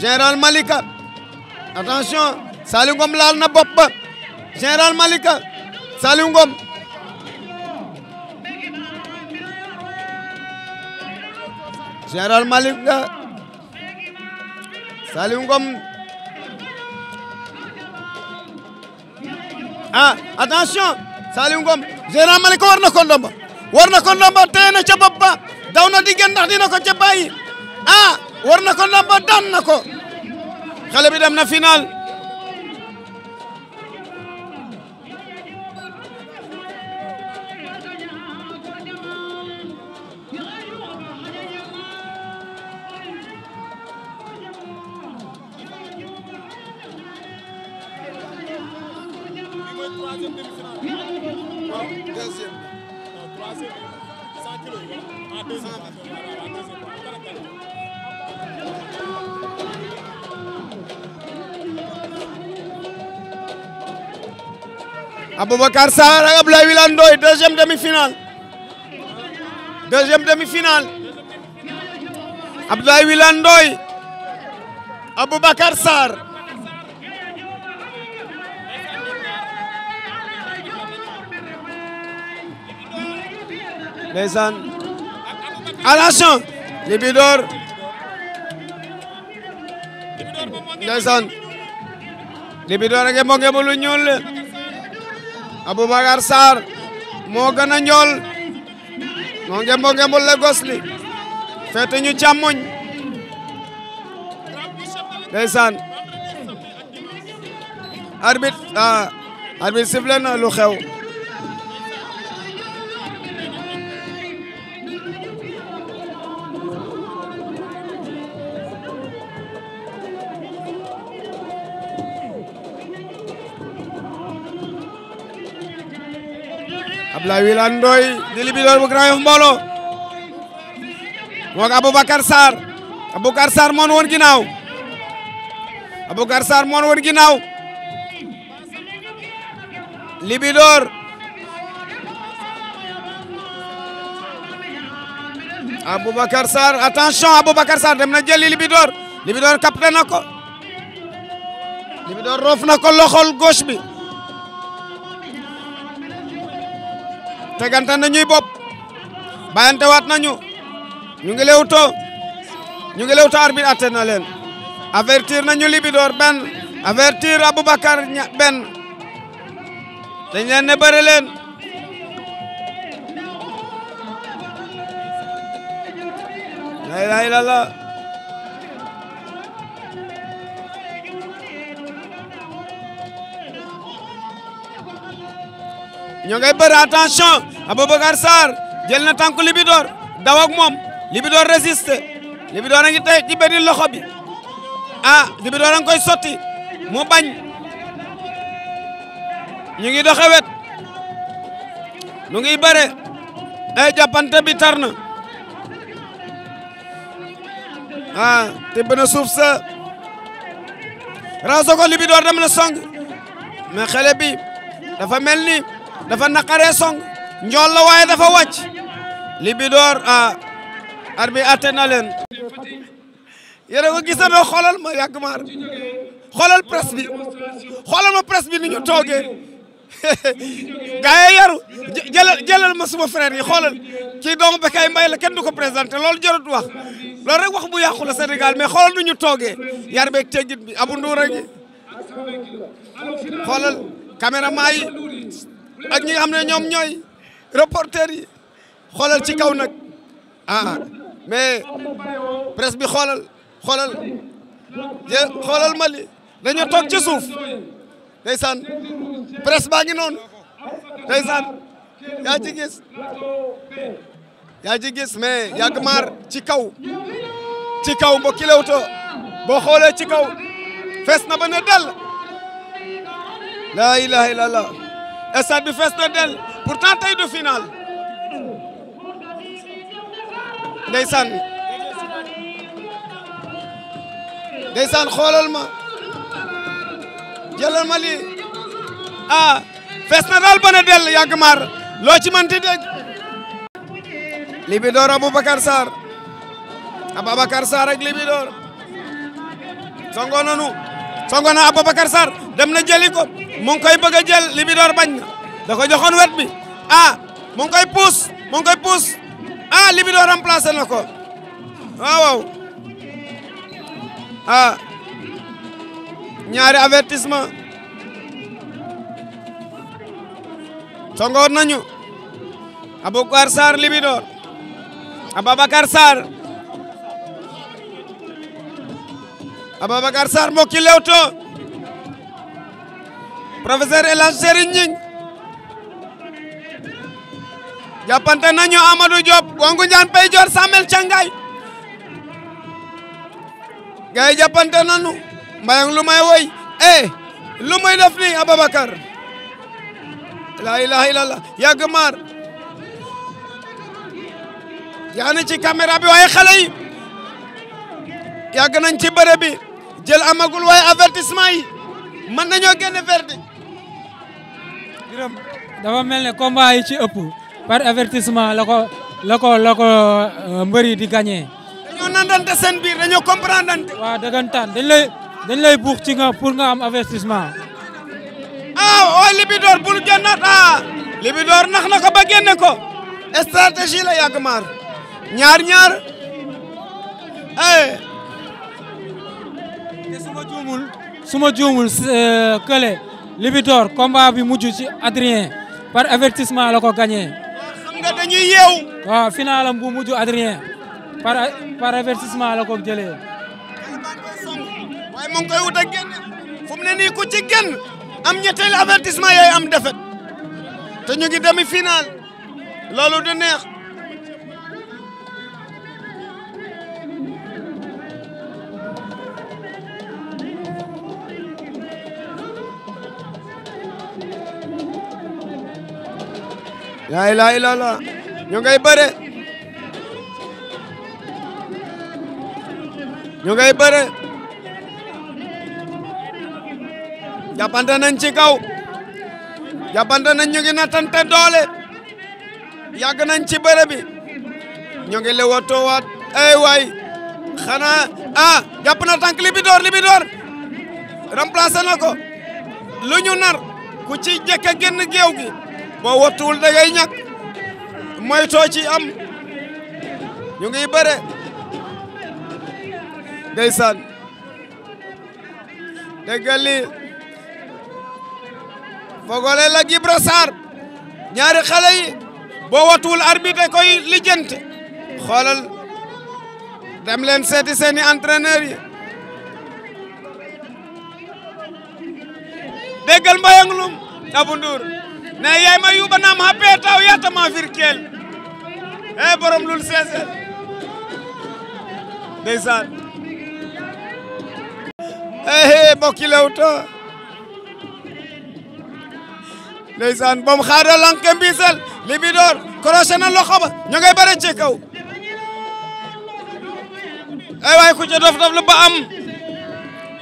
général Malika attention Saliou Ngom laal na bopp ba général Malika Saliou Ngom général Malika Saliou Ngom ah attention Saliou Ngom général Malika war na ko ndomba war na ko ndomba téye ca bopp ba daw na diggante ndax dina ko ca bàyyi ah. war na ko ndamba xale bi dem na final Aboubacar Sarr ak Abdoulaye Wilane Ndoye demi-finale deuxième demi-finale Abdoulaye Wilane Ndoye Aboubacar Sarr ndeysaan Libidor ak mbonge bu lu ñuul Aboubacar Sarr moo gën a njool moo nge mbonge bu ñu càmmoñ ndeysaan ah, na lu Abdoulaye Wilane Ndoye di libidor bu Grand Yoff mbooloo moog Aboubacar Sarr Aboubacar Sarr moon woon ginnaaw Aboubacar Sarr moon woon ginnaaw libidor Aboubacar Sarr attention Aboubacar Sarr dem na jëli libidor libidor capté ko libidor roof na ko loxol gauche bi tegante nañuy bopp bàyyante waat nañu ñu ngi lew to ñu ngi lew to arbitre atte na leen avertir nañu Libidor benn avertir Aboubacar benn dañ leen ne bëre ñoo ngay bëri attention Aboubacar Sarr jël na tànku Libidor daw ak moom Libidor résisté Libidor a ngi tey ci benn loxo bi ah, a ngi koy sotti mu bañ ñu ngi doxe wet nu ngi bëre ay jàppante bi tar na ah tibb na suuf sa raso ko Libidor dem na song mais xale bi dafa mel ni dafa naqaree song njool la waaye dafa wàcc Libidor a ah, arbi atte na leen yéena ko gisandoo xoolal ma yàgg maar xoolal presse bi xoolal ma presse bi ni ñu toogee gaa yi yaru jëlal jëlal ma suma frère yi xoolal kii ba Bécaye mbay la kenn du ko présenté loolu jarut wax loolu rek wax bu yàqu la Sénégal mais xoolal nu ñu toogee yar beeg teggit bi abu nduura gi xoolal caméraman yi ak ñi nga xam ne ñoom ñooy reporter yi xoolal ci kaw nag ah mais presse bi xoolal xoolal je xoolal Mali dañoo toog ci suuf ndeysaan presse baa ngi noonu ndeysaan yaa ci gis yaa ci gis mais yàgg maar ci kaw ci kaw mbokki Leewtoo boo xoolee ci kaw fees na ba ne dell laa ilaha stade bi fees na del pourtant tey du final ndeysaan ndeysaan xoolal ma jëlal ma lii ah fees na daal bana del maar loo ci mën ti dégg Libidor Aboubacar Sarr Aboubacar Sarr ak Libidor songo nanu songo na Aboubacar Sarr dem na jëli mu ngi koy bëgg a jël Libidor bañ na da ko wet bi ah mu ngi koy puus mu ngi koy puus ah Libidor remplacé na ko waaw waaw ah ñaari avertissement songoon nañu Aboubacar Sarr Libidor Ababacar Sarr Ababacar Sarr mbokki Leewtoo professeur El Hadj Serigne Gningue jàppante nañu Amadou Diop Gongu Joor Samel Cangaay gay jàppante nañu mbayang may woy eh lu may def ni Ababacar la ilaha illallah yàgg maar ci caméra bi waaye xale yi yàgg nañ ci bëre bi jël amagul waaye avertissement yi mën nañoo génne Birame dafa mel ne combat yi ci ëpp par avertissement la ko la ko la ko euh, mbër yi di gagné. dañoo nandante seen biir dañoo comprendre ante. waaw dëggantaan dañ lay dañ lay buux ci nga pour nga am avertissement. ah ooy oh, Libidor bul génnaat ah. Libidor nax na ko ba génne ko. stratégie la yàgg ñaar ñaar. Eh. te su ma juumul su juumul euh, kële. Libidor combat bi mujj ci Adrien par avertissement la ko gagné. xam nga dañuy yeew. bu mujj Adrien par par la ko jëlee. waaye mu ngi koy wut ak ne nii ku ci am ñetteelu avertissement yooyu am défaite te ñu demi final loolu du laa ilaaha illallaah ñu ngay bëre ñu ngay bëre jàppante nañ ci kaw jàppante nañ ñu ngi nattante doole yàgg nañ ci bëre bi ñu ngi lewato waat ay xanaa ah jàpp na tànk Libidor Libidor remplacé na ko lu ñu nar ku ci jëkk a génn gi boo wattuwul da ngay ñàkk moytoo ci am ñu ngi bëre ndeysaan déggal li fogole la Gibra Sarr ñaari xale boo wattuwul arbitre koy lijjante xoolal dem leen seeti seeni entraîneur yi déggal mbayang lum ne yayma yuɓanam ha peeta o yatama firkel e eh, borom lul sese ndeysan ehe eh, mbokki Leewtoo ndeysan bom xaado lanke mbisel libidor crochet na loxo ba ñu bare ci kaw ay eh, waay ku dof dof lu ba am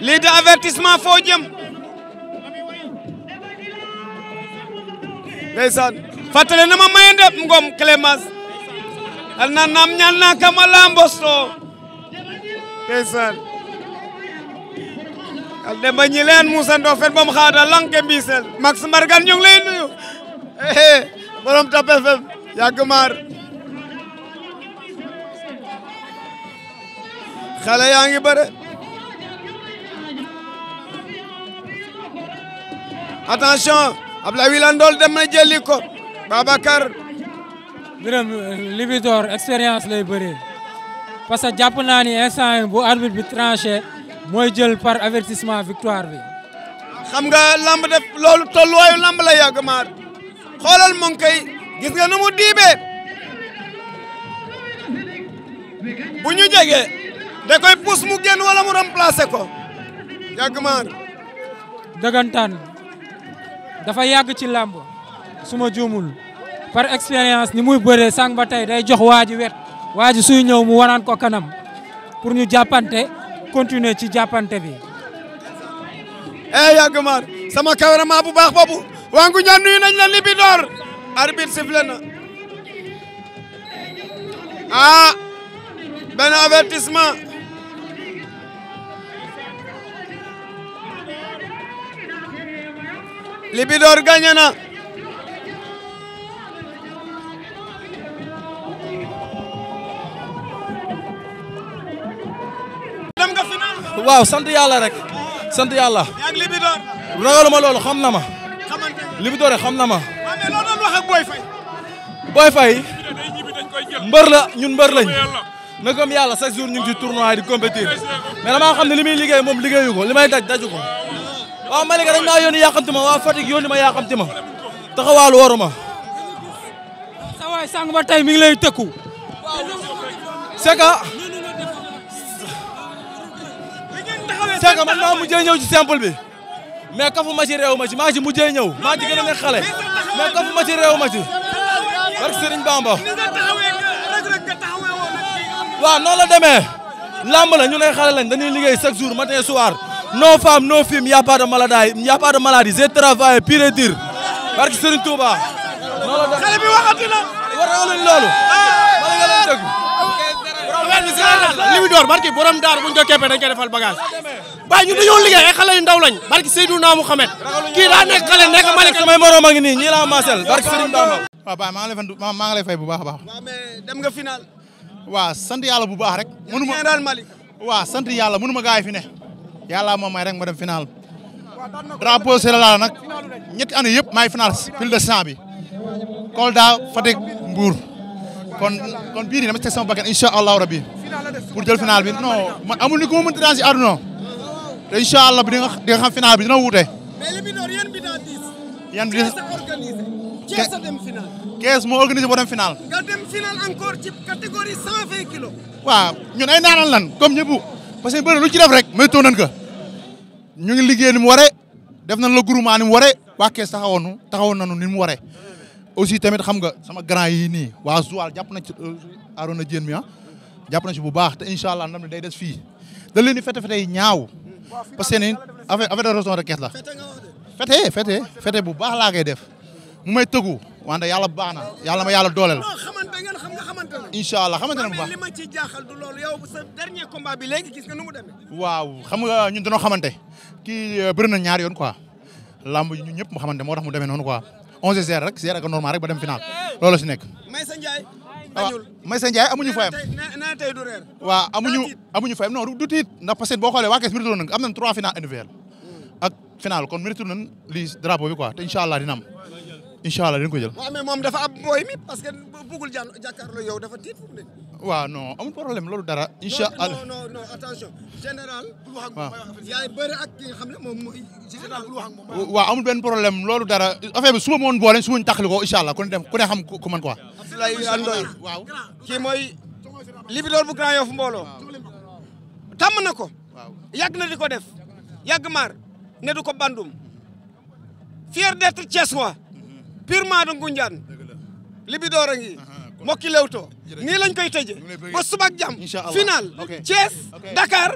lii de avertissement foo jëm ndeysaan fàttale na ma Mayende Ngom Clémence al na nam ñaan naa kama laa mbosto ndeysaan al demba ñi leen Moussa Ndofène bom xaada lanke mbiisel Max Mbargane ñu eh, borom Tap FM yàgg maar xale yaa ngi bëre attention Abdoulaye Wilane Ndool dem na jëli ko Babacar Birame Libidor expérience lay bëree parce que jàpp naa ni instant bu arbitre bi tranché mooy jël par avertissement victoire bi xam nga lamb def loolu tolluwaayu lamb la yàgg maar xoolal mu ngi gis nga nu mu diibee bu ñu jegee koy pousse mu génn wala mu remplacer ko yàgg maar dafa yàgg ci làmb suma ma juumul par expérience ni muy bëree sànq ba tey day jox waaju ji wet waa ji suy ñëw mu waraan ko kanam pour ñu jàppante continuer ci jàppante bi. eh yàgg maar sama cameraman bu baax boobu wangu ñaan nuyu nañ la Libidor. arbitre sifflé na ah benn avertissement. Libidor gagné na dem nga final waaw sant yàlla rek sant yàlla ak Libidor ragaluma loolu xam na ma Libidor xam na ma ah, mais loo doon wax ak Boy Faye Boy Faye mbër la ñun mbër lañ na gëm yàlla chaque jour ñu ngi ci tournoi di compétir mais damaa xam ne li muy liggéey moom liggéeyu ko li may daj daju ko waaw Malika dañ maa yónni yàqamti ma waa Fatick yónni ma yàqamti ma taxawaalu waruma. sa waay sànq ba tey mi ngi lay tëkku. c'est que. c'est que man maa mujjee ñëw ci simple bi mais kafu ma ci réew ma ci maa ci mujjee ñëw maa a nekk xale mais kafu ma ci réew ma ci barke Serigne Bamba. waaw noonu la demee lamb la ñu ne xale lañ dañuy liggéey chaque jour matin soir. nos femmes nos filles y a pas de maladie y a pas de maladie barke Serigne Touba. xale bi waxati na. loolu. man li mu door barke borom daar bu ñu jokkee dañ koy defal bagage. waaye ñu dañoo liggéey ay xale yu ndaw lañ. barke Seydouna Mouhamed. kii daa nekk xale nekk Malika. samay morom a ngi nii ñii laa barke Serigne Bamba. maa ngi maa ngi fay bu baax baax. waaw mais dem waaw sant yàlla bu baax rek. mënu ma waaw sant yàlla mënu ma gaay fi ne yàlla moom may rek ma dem final. drapeau Sénégal ñetti année yëpp may final pile de cent bi Kolda Fatick Mbour. kon kon bii nii dama ci teg sama bakkan incha allahu rabi bi non man amul ni ko ma mënti daan te incha allah bi di xam final bi dina wuute. mais bi doon yan bi daa diis. yan a organisé. lan comme ñëpp parce que bëri lu ci def rek. moytuwoon nañ ñu ngi liggéey ni mu waree def nañ la groupement ni mu waree waa Kees taxawoonu taxawoon nañu ni mu waree aussi tamit xam nga sama grand yi nii waa Zoual jàpp nañ ci euh, Arona Dieng mi ah jàpp na ci bu baax te incha allah ndam day des fii da leen di fete fete yi ñaaw parce que ni affaire de raison de Kees la fete fete fete bu baax laa koy def mu may tëgu wante yàlla baax na yàlla ma yàlla dooleel incha allah xamante ne bu baax li ma ci jaaxal bi léegi gis nga nu mu demee. waaw xam nga ñun dañoo xamante kii euh, bëri na ñaar yoon quoi lamb yi ñun ñëpp mu xamante moo tax mu demee noonu quoi 11 heures rek seer normal rek ba dem final loolu si nekk. Maysa Ndiaye. Ah, añul Maysa Ndiaye amuñu fayam. na tey du reer. waaw amuñu amuñu fayam non du tiit ndax parce boo xoolee waa kees mérite nañ am nañ 3 final individuel hmm. ak final kon mérite nañ lii drapeau bi quoi te incha allah dina incha allah dañ ko jël. waaw mais moom dafa ab booy mi parce que bëggul jàll jàkkaarloo yow dafa tiit fu mu ne. waaw non amul problème loolu dara. incha allah waaw amul benn problème loolu dara affaire bi suba ma woon boole suba ñu taxali ko incha allah ku xam ku man waa Abdoulaye Ndoye kii mooy libidor bu Grand Yoff mbooloo. tàmm na ko. yàgg na di ko def. yàgg maar ne ko bandum. fier d'être Thiessois. purement ma Ngoundiane Libidor a ngi Mokki Leewtoo nii koy tëjee ba suba ak final Thiès Dakar